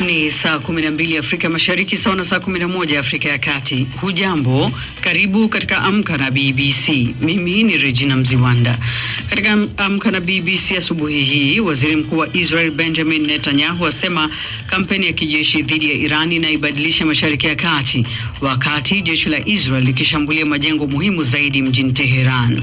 Ni saa 12 Afrika Mashariki, sawa na saa 11 Afrika ya Kati. Hujambo, karibu katika Amka na BBC. Mimi ni Regina Mziwanda. Katika Amka na BBC asubuhi hii, waziri mkuu wa Israel Benjamin Netanyahu asema kampeni ya kijeshi dhidi ya Iran inaibadilisha Mashariki ya Kati, wakati jeshi la Israel likishambulia majengo muhimu zaidi mjini Teheran.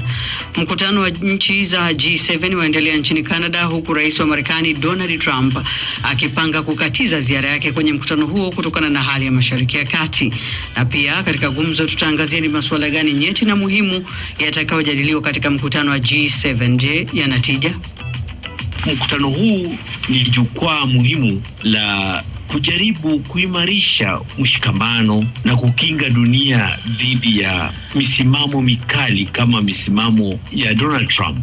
Mkutano wa nchi za G7 waendelea nchini Canada, huku rais wa Marekani Donald Trump akipanga kukatiza ziara yake kwenye mkutano huo kutokana na hali ya Mashariki ya Kati. Na pia katika gumzo tutaangazia ni masuala gani nyeti na muhimu yatakayojadiliwa katika mkutano wa G7. Je, yanatija? Mkutano huu ni jukwaa muhimu la kujaribu kuimarisha mshikamano na kukinga dunia dhidi ya misimamo mikali kama misimamo ya Donald Trump.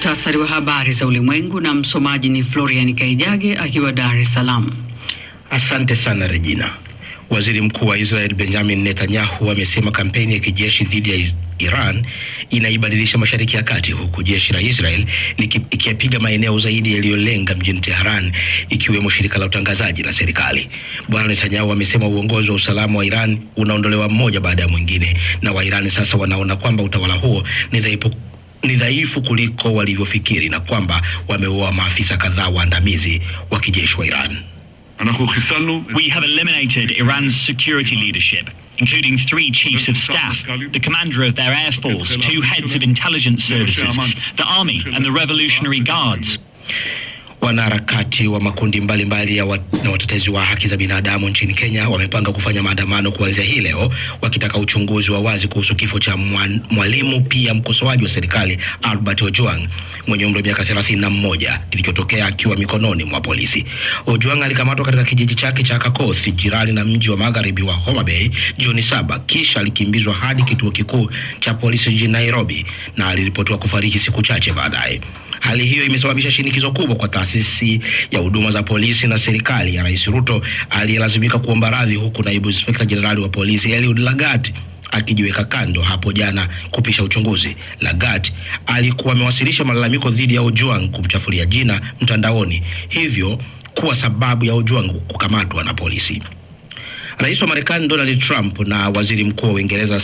muktasari wa habari za ulimwengu na msomaji ni Florian Kaijage akiwa Dar es Salaam. Asante sana Regina. Waziri Mkuu wa Israel Benjamin Netanyahu amesema kampeni ya kijeshi dhidi ya Iran inaibadilisha Mashariki ya Kati huku jeshi la Israel likiyapiga maeneo zaidi yaliyolenga mjini Tehran ikiwemo shirika la utangazaji la serikali. Bwana Netanyahu amesema uongozi wa usalama wa Iran unaondolewa mmoja baada ya mwingine na Wairani sasa wanaona kwamba utawala huo ni dhaifu ni dhaifu kuliko walivyofikiri na kwamba wameua maafisa kadhaa waandamizi wa kijeshi wa Iran. We have eliminated Iran's security leadership including three chiefs of staff, the commander of their air force, two heads of intelligence services, the army and the revolutionary guards. Wanaharakati wa makundi mbalimbali mbali wat, na watetezi wa haki za binadamu nchini Kenya wamepanga kufanya maandamano kuanzia hii leo wakitaka uchunguzi wa wazi kuhusu kifo cha mwan, mwalimu pia mkosoaji wa serikali Albert Ojwang mwenye umri wa miaka 31 kilichotokea akiwa mikononi mwa polisi. Ojwang alikamatwa katika kijiji chake cha Kakothi jirani na mji wa magharibi wa Homa Bay Juni saba, kisha alikimbizwa hadi kituo kikuu cha polisi jijini Nairobi na aliripotiwa kufariki siku chache baadaye. Hali hiyo imesababisha shinikizo kubwa kwa taasisi taasisi ya huduma za polisi na serikali ya Rais Ruto aliyelazimika kuomba radhi, huku naibu inspekta jenerali wa polisi Eliud Lagat akijiweka kando hapo jana kupisha uchunguzi. Lagat alikuwa amewasilisha malalamiko dhidi ya Ojwang kumchafulia jina mtandaoni, hivyo kuwa sababu ya Ojwang kukamatwa na polisi. Rais wa Marekani Donald Trump na waziri mkuu wa Uingereza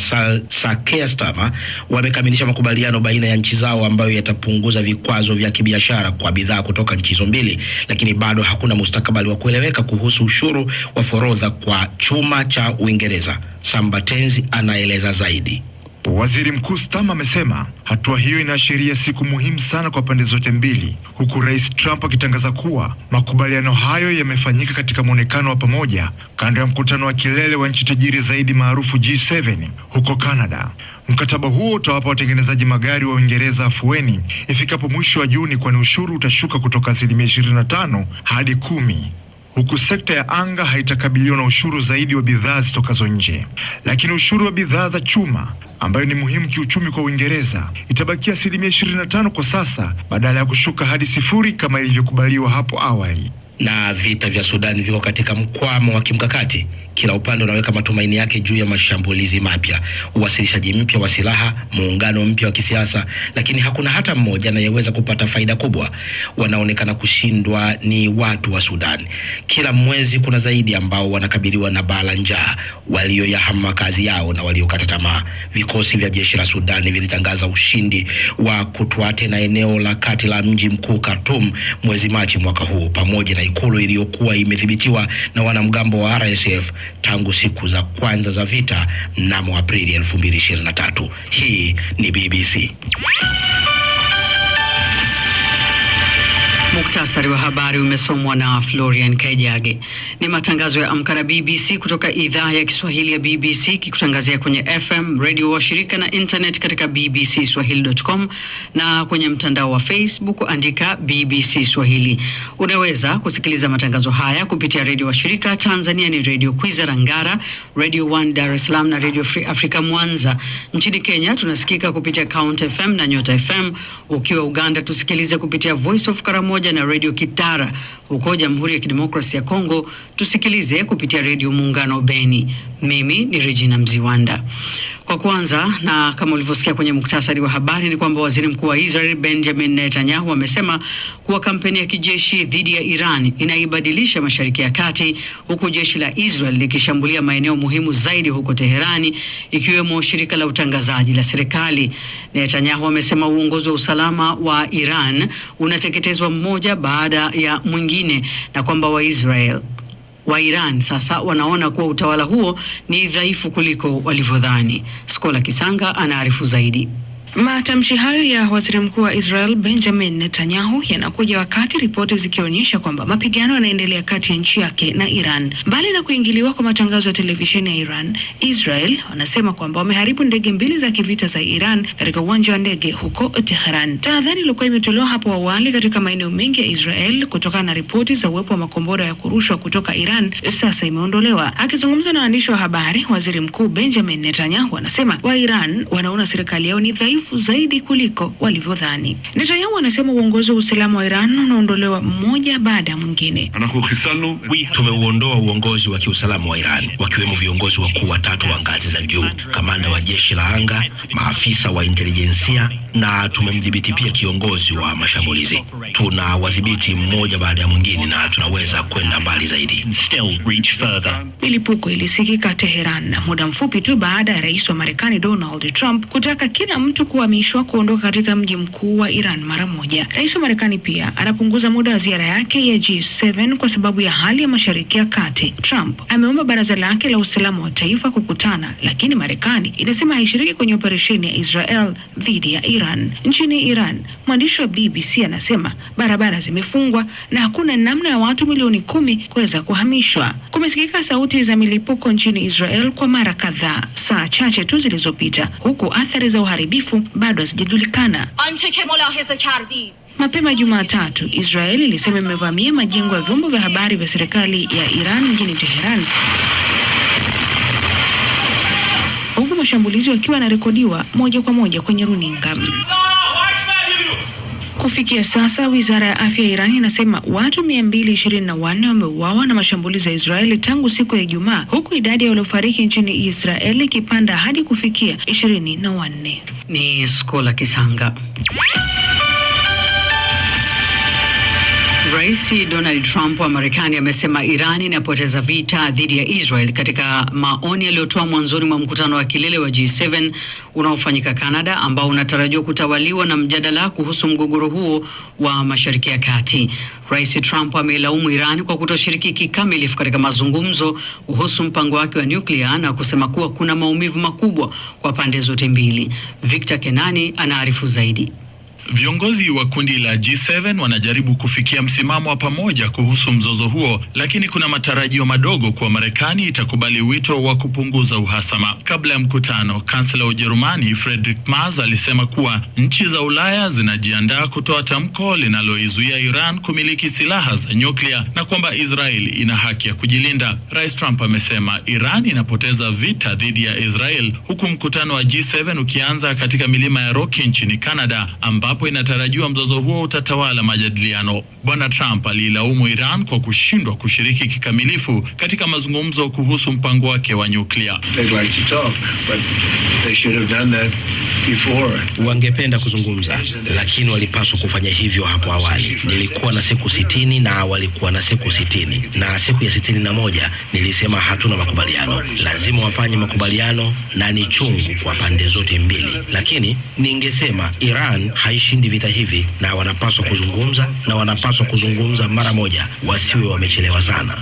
Sir Keir Starmer wamekamilisha makubaliano baina ya nchi zao ambayo yatapunguza vikwazo vya kibiashara kwa bidhaa kutoka nchi hizo mbili, lakini bado hakuna mustakabali wa kueleweka kuhusu ushuru wa forodha kwa chuma cha Uingereza. Sambatenzi anaeleza zaidi. Waziri Mkuu Stam amesema hatua hiyo inaashiria siku muhimu sana kwa pande zote mbili, huku Rais Trump akitangaza kuwa makubaliano hayo yamefanyika katika mwonekano wa pamoja kando ya mkutano wa kilele wa nchi tajiri zaidi maarufu G7 huko Canada. Mkataba huo utawapa watengenezaji magari wa Uingereza afueni ifikapo mwisho wa Juni, kwani ushuru utashuka kutoka asilimia 25 hadi kumi huku sekta ya anga haitakabiliwa na ushuru zaidi wa bidhaa zitokazo nje, lakini ushuru wa bidhaa za chuma ambayo ni muhimu kiuchumi kwa Uingereza itabakia asilimia 25 kwa sasa badala ya kushuka hadi sifuri kama ilivyokubaliwa hapo awali na vita vya Sudani viko katika mkwamo wa kimkakati. Kila upande unaweka matumaini yake juu ya mashambulizi mapya, uwasilishaji mpya wa silaha, muungano mpya wa kisiasa, lakini hakuna hata mmoja anayeweza kupata faida kubwa. Wanaonekana kushindwa ni watu wa Sudan. Kila mwezi kuna zaidi ambao wanakabiliwa na baa la njaa, walioyahama makazi yao na waliokata tamaa. Vikosi vya jeshi la Sudani vilitangaza ushindi wa kutwaa tena eneo la kati la mji mkuu Khartoum mwezi Machi mwaka huu pamoja na ikulu iliyokuwa imedhibitiwa na wanamgambo wa RSF tangu siku za kwanza za vita mnamo Aprili 2023. Hii ni BBC. Muktasari wa habari umesomwa na Florian Kaijage. Ni matangazo ya Amka na BBC kutoka idhaa ya Kiswahili ya BBC kikutangazia kwenye FM radio wa shirika na internet katika bbcswahili.com na kwenye mtandao wa Facebook andika BBC Swahili. Unaweza kusikiliza matangazo haya kupitia redio wa shirika Tanzania ni Radio Kwizera Ngara, Radio 1 Dar es Salaam na Radio Free Africa Mwanza. Nchini Kenya tunasikika kupitia Count FM na Nyota FM. Ukiwa Uganda tusikilize kupitia Voice of Karamoja na redio Kitara huko Jamhuri ya Kidemokrasi ya Kongo, tusikilize kupitia redio Muungano Beni. Mimi ni Regina Mziwanda. Kwa kwanza, na kama ulivyosikia kwenye muktasari wa habari, ni kwamba waziri mkuu wa Israel Benjamin Netanyahu amesema kuwa kampeni ya kijeshi dhidi ya Iran inaibadilisha Mashariki ya Kati, huku jeshi la Israel likishambulia maeneo muhimu zaidi huko Teherani, ikiwemo shirika la utangazaji la serikali. Netanyahu amesema uongozi wa usalama wa Iran unateketezwa mmoja baada ya mwingine na kwamba Waisrael wa Iran sasa wanaona kuwa utawala huo ni dhaifu kuliko walivyodhani. Skola Kisanga anaarifu zaidi. Matamshi hayo ya waziri mkuu wa Israel Benjamin Netanyahu yanakuja wakati ripoti zikionyesha kwamba mapigano yanaendelea kati ya nchi yake na Iran. Mbali na kuingiliwa kwa matangazo ya televisheni ya Iran, Israel wanasema kwamba wameharibu ndege mbili za kivita za Iran katika uwanja wa ndege huko Tehran. Tahadhari ilikuwa imetolewa hapo awali katika maeneo mengi ya Israel kutokana na ripoti za uwepo wa makombora ya kurushwa kutoka Iran, sasa imeondolewa. Akizungumza na waandishi wa habari, waziri mkuu Benjamin Netanyahu anasema wa Iran wanaona serikali yao ni dhaifu mrefu zaidi kuliko walivyodhani. Netanyahu anasema uongozi wa usalama wa Iran unaondolewa mmoja baada ya mwingine. Tumeuondoa uongozi wa kiusalama wa Iran, wakiwemo viongozi wakuu watatu wa ngazi za juu, kamanda wa jeshi la anga, maafisa wa intelijensia na tumemdhibiti pia kiongozi wa mashambulizi. Tunawadhibiti mmoja baada ya mwingine na tunaweza kwenda mbali zaidi. Milipuko ilisikika Teheran muda mfupi tu baada ya rais wa Marekani Donald Trump kutaka kila mtu kuhamishwa kuondoka katika mji mkuu wa Iran mara moja. Rais wa Marekani pia anapunguza muda wa ziara yake ya G7 kwa sababu ya hali ya Mashariki ya Kati. Trump ameomba baraza lake la usalama wa taifa kukutana, lakini Marekani inasema haishiriki kwenye operesheni ya Israel dhidi ya Iran. Nchini Iran, mwandishi wa BBC anasema barabara zimefungwa na hakuna namna ya watu milioni kumi kuweza kuhamishwa. Kumesikika sauti za milipuko nchini Israel kwa mara kadhaa saa chache tu zilizopita, huku athari za uharibifu siku bado hazijajulikana. Mapema Jumatatu, Israeli ilisema imevamia majengo ya vyombo vya habari vya serikali ya Iran mjini Teheran, huku mashambulizi yakiwa yanarekodiwa moja kwa moja kwenye runinga. Kufikia sasa, wizara ya afya ya Iran inasema watu 224 wameuawa na mashambulizi ya Israeli tangu siku ya Ijumaa, huku idadi ya waliofariki nchini Israeli ikipanda hadi kufikia 24. Ni Skola Kisanga. Rais Donald Trump wa Marekani amesema Iran inapoteza vita dhidi ya Israel katika maoni yaliyotoa mwanzoni mwa mkutano wa kilele wa G7 unaofanyika Canada ambao unatarajiwa kutawaliwa na mjadala kuhusu mgogoro huo wa Mashariki ya Kati. Rais Trump ameilaumu Iran kwa kutoshiriki kikamilifu katika mazungumzo kuhusu mpango wake wa nyuklia na kusema kuwa kuna maumivu makubwa kwa pande zote mbili. Victor Kenani anaarifu zaidi. Viongozi wa kundi la G7 wanajaribu kufikia msimamo wa pamoja kuhusu mzozo huo, lakini kuna matarajio madogo kuwa Marekani itakubali wito wa kupunguza uhasama. Kabla ya mkutano, kansela wa Ujerumani Friedrich Merz alisema kuwa nchi za Ulaya zinajiandaa kutoa tamko linaloizuia Iran kumiliki silaha za nyuklia na kwamba israel ina haki ya kujilinda. Rais Trump amesema Iran inapoteza vita dhidi ya Israel, huku mkutano wa G7 ukianza katika milima ya Rocky nchini Canada ambapo ambapo inatarajiwa mzozo huo utatawala majadiliano. Bwana Trump aliilaumu Iran kwa kushindwa kushiriki kikamilifu katika mazungumzo kuhusu mpango wake wa nyuklia. Wangependa kuzungumza, lakini walipaswa kufanya hivyo hapo awali. Nilikuwa na siku sitini na walikuwa na siku sitini na siku ya sitini na moja nilisema hatuna makubaliano, lazima wafanye makubaliano na ni chungu kwa pande zote mbili, lakini ningesema Iran haishi washindi vita hivi na wanapaswa kuzungumza na wanapaswa kuzungumza mara moja, wasiwe wamechelewa sana.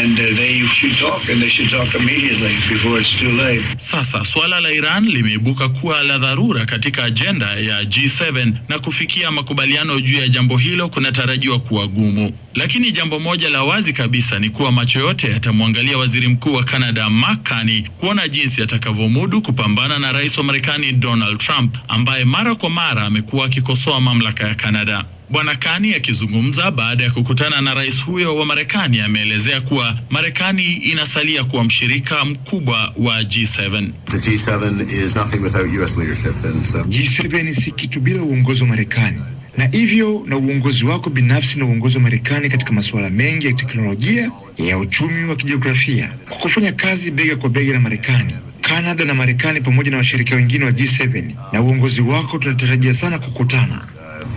And, uh, they should talk and they should talk immediately before it's too late. Sasa suala la Iran limeibuka kuwa la dharura katika ajenda ya G7 na kufikia makubaliano juu ya jambo hilo kunatarajiwa kuwa gumu. Lakini jambo moja la wazi kabisa ni kuwa macho yote yatamwangalia Waziri Mkuu wa Canada Mark Carney kuona jinsi atakavyomudu kupambana na Rais wa Marekani Donald Trump ambaye mara kwa mara alikuwa akikosoa mamlaka ya Kanada. Bwana kani akizungumza baada ya kukutana na rais huyo wa Marekani ameelezea kuwa Marekani inasalia kuwa mshirika mkubwa wa G7. The G7 is nothing without US leadership and so... G7 si kitu bila uongozi wa Marekani, na hivyo na uongozi wako binafsi na uongozi wa Marekani katika masuala mengi ya teknolojia, ya uchumi wa kijiografia, kwa kufanya kazi bega kwa bega na Marekani Kanada na Marekani pamoja na washirika wengine wa G7 na uongozi wako tunatarajia sana kukutana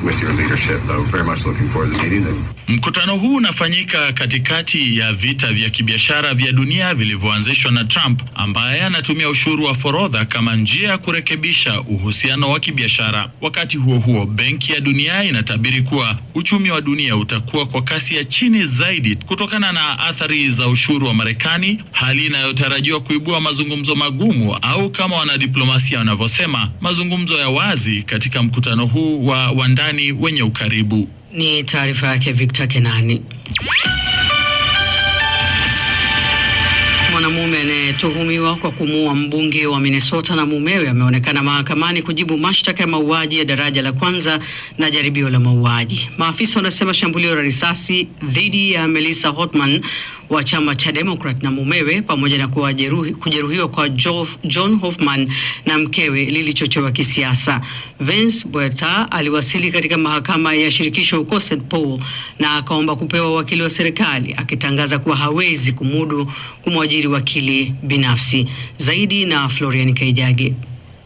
with your leadership. very much looking forward to Mkutano huu unafanyika katikati ya vita vya kibiashara vya dunia vilivyoanzishwa na Trump ambaye anatumia ushuru wa forodha kama njia ya kurekebisha uhusiano wa kibiashara. Wakati huo huo, Benki ya Dunia inatabiri kuwa uchumi wa dunia utakuwa kwa kasi ya chini zaidi kutokana na athari za ushuru wa Marekani, hali inayotarajiwa kuibua mazungumzo magumu au kama wanadiplomasia wanavyosema, mazungumzo ya wazi katika mkutano huu wa wandani burudani wenye ukaribu. Ni taarifa yake Victor Kenani. Mwanamume anayetuhumiwa kwa kumuua mbunge wa Minnesota na mumewe ameonekana mahakamani kujibu mashtaka ya mauaji ya daraja la kwanza na jaribio la mauaji. Maafisa wanasema shambulio la risasi dhidi ya Melissa Hotman wa chama cha Democrat na mumewe pamoja na kujeruhiwa kwa Jof, John Hoffman na mkewe lilichochewa kisiasa. Vince Buerta aliwasili katika mahakama ya shirikisho huko St Paul na akaomba kupewa wakili wa serikali akitangaza kuwa hawezi kumudu kumwajiri wakili binafsi. Zaidi na Florian Kaijage.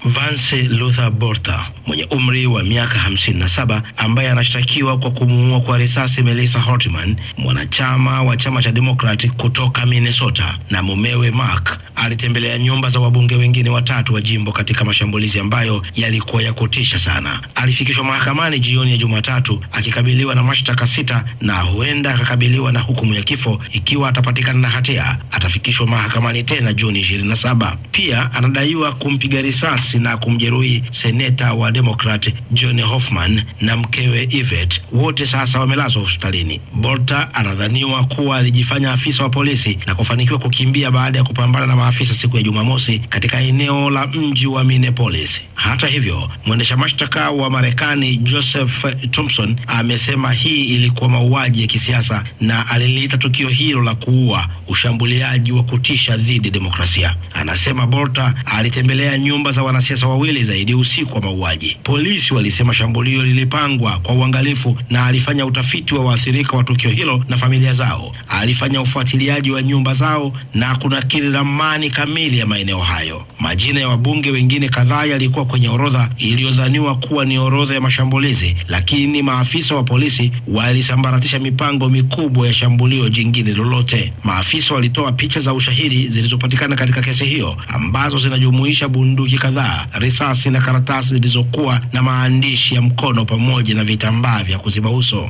Vance Luther Borta mwenye umri wa miaka 57 ambaye anashtakiwa kwa kumuua kwa risasi Melissa hortman mwanachama wa chama cha demokrati kutoka Minnesota, na mumewe Mark alitembelea nyumba za wabunge wengine watatu wa jimbo katika mashambulizi ambayo yalikuwa ya kutisha sana. Alifikishwa mahakamani jioni ya Jumatatu akikabiliwa na mashtaka sita na huenda akakabiliwa na hukumu ya kifo ikiwa atapatikana na hatia. Atafikishwa mahakamani tena Juni 27. Pia anadaiwa kumpiga risasi risasi na kumjeruhi seneta wa Demokrat John Hoffman na mkewe Yvette, wote sasa wamelazwa hospitalini. Bolter anadhaniwa kuwa alijifanya afisa wa polisi na kufanikiwa kukimbia baada ya kupambana na maafisa siku ya Jumamosi katika eneo la mji wa Minneapolis. Hata hivyo, mwendesha mashtaka wa Marekani Joseph Thompson amesema hii ilikuwa mauaji ya kisiasa na aliliita tukio hilo la kuua ushambuliaji wa kutisha dhidi demokrasia. Anasema Bolter alitembelea nyumba za wana wanasiasa wawili zaidi usiku wa mauaji. Polisi walisema shambulio lilipangwa kwa uangalifu na alifanya utafiti wa waathirika wa tukio hilo na familia zao. Alifanya ufuatiliaji wa nyumba zao na kunakili ramani kamili ya maeneo hayo. Majina ya wabunge wengine kadhaa yalikuwa kwenye orodha iliyodhaniwa kuwa ni orodha ya mashambulizi, lakini maafisa wa polisi walisambaratisha mipango mikubwa ya shambulio jingine lolote. Maafisa walitoa picha za ushahidi zilizopatikana katika kesi hiyo ambazo zinajumuisha bunduki kadhaa risasi na karatasi zilizokuwa na maandishi ya mkono pamoja na vitambaa vya kuziba uso.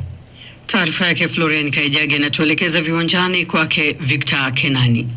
Taarifa yake Florian Kaijage, inatuelekeza viwanjani kwake Victor Kenani.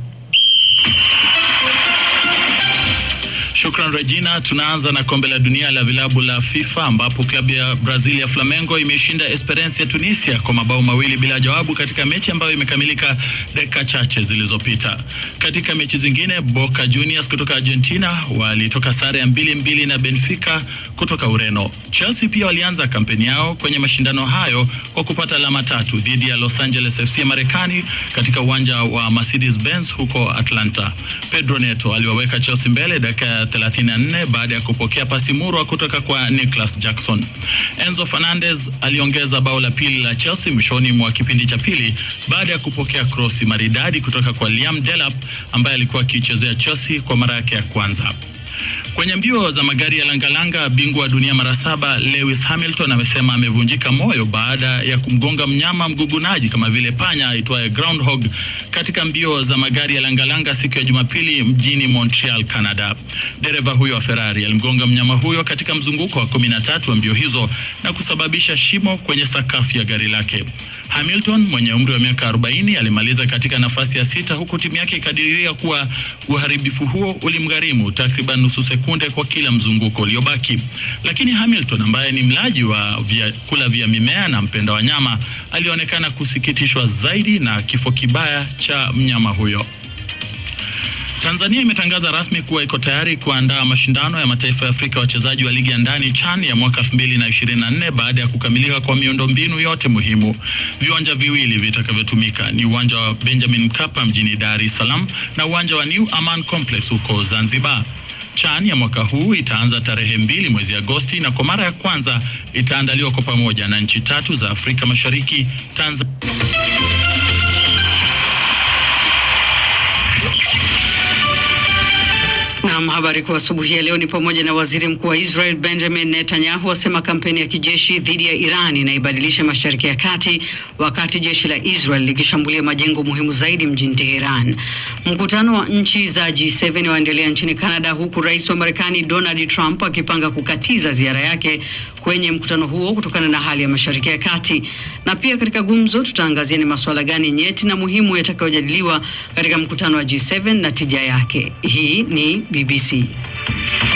Shukran Regina. Tunaanza na kombe la dunia la vilabu la FIFA ambapo klabu ya Brazil ya Flamengo imeshinda Esperance ya Tunisia kwa mabao mawili bila jawabu katika mechi ambayo imekamilika dakika chache zilizopita. Katika mechi zingine, Boca Juniors kutoka Argentina walitoka sare ya mbili mbili na Benfica kutoka Ureno. Chelsea pia walianza kampeni yao kwenye mashindano hayo kwa kupata alama tatu dhidi ya Los Angeles FC ya Marekani katika uwanja wa Mercedes Benz huko Atlanta. Pedro Neto aliwaweka Chelsea mbele dakika 34 baada ya kupokea pasi murwa kutoka kwa Nicholas Jackson. Enzo Fernandez aliongeza bao la pili la Chelsea mwishoni mwa kipindi cha pili baada ya kupokea krosi maridadi kutoka kwa Liam Delap ambaye alikuwa akichezea Chelsea kwa mara yake ya kwanza. Kwenye mbio za magari ya langalanga, bingwa wa dunia mara saba Lewis Hamilton amesema amevunjika moyo baada ya kumgonga mnyama mgugunaji kama vile panya aitwaye groundhog katika mbio za magari ya langalanga siku ya Jumapili mjini Montreal, Canada. Dereva huyo wa Ferrari alimgonga mnyama huyo katika mzunguko wa 13 wa mbio hizo na kusababisha shimo kwenye sakafu ya gari lake. Hamilton mwenye umri wa miaka 40 alimaliza katika nafasi ya sita, huku timu yake ikadiria kuwa uharibifu huo ulimgharimu takriban nusu sekunde kwa kila mzunguko uliobaki. Lakini Hamilton ambaye ni mlaji wa vyakula vya mimea na mpenda wanyama alionekana kusikitishwa zaidi na kifo kibaya cha mnyama huyo. Tanzania imetangaza rasmi kuwa iko tayari kuandaa mashindano ya mataifa ya Afrika wachezaji wa ligi ya ndani CHAN ya mwaka 2024 baada ya kukamilika kwa miundombinu yote muhimu. Viwanja viwili vitakavyotumika ni uwanja wa Benjamin Mkapa mjini Dar es Salaam na uwanja wa New Aman Complex huko Zanzibar. CHAN ya mwaka huu itaanza tarehe mbili mwezi Agosti na kwa mara ya kwanza itaandaliwa kwa pamoja na nchi tatu za Afrika Mashariki, Tanzania Habari kwa asubuhi ya leo ni pamoja na waziri mkuu wa Israel Benjamin Netanyahu asema kampeni ya kijeshi dhidi ya Iran inaibadilisha Mashariki ya Kati, wakati jeshi la Israel likishambulia majengo muhimu zaidi mjini Teheran. Mkutano wa nchi za G7 waendelea nchini Canada, huku rais wa Marekani Donald Trump akipanga kukatiza ziara yake kwenye mkutano huo kutokana na hali ya Mashariki ya Kati. Na pia katika gumzo tutaangazia ni masuala gani nyeti na muhimu yatakayojadiliwa katika mkutano wa G7 na tija yake. Hii ni BBC. sea.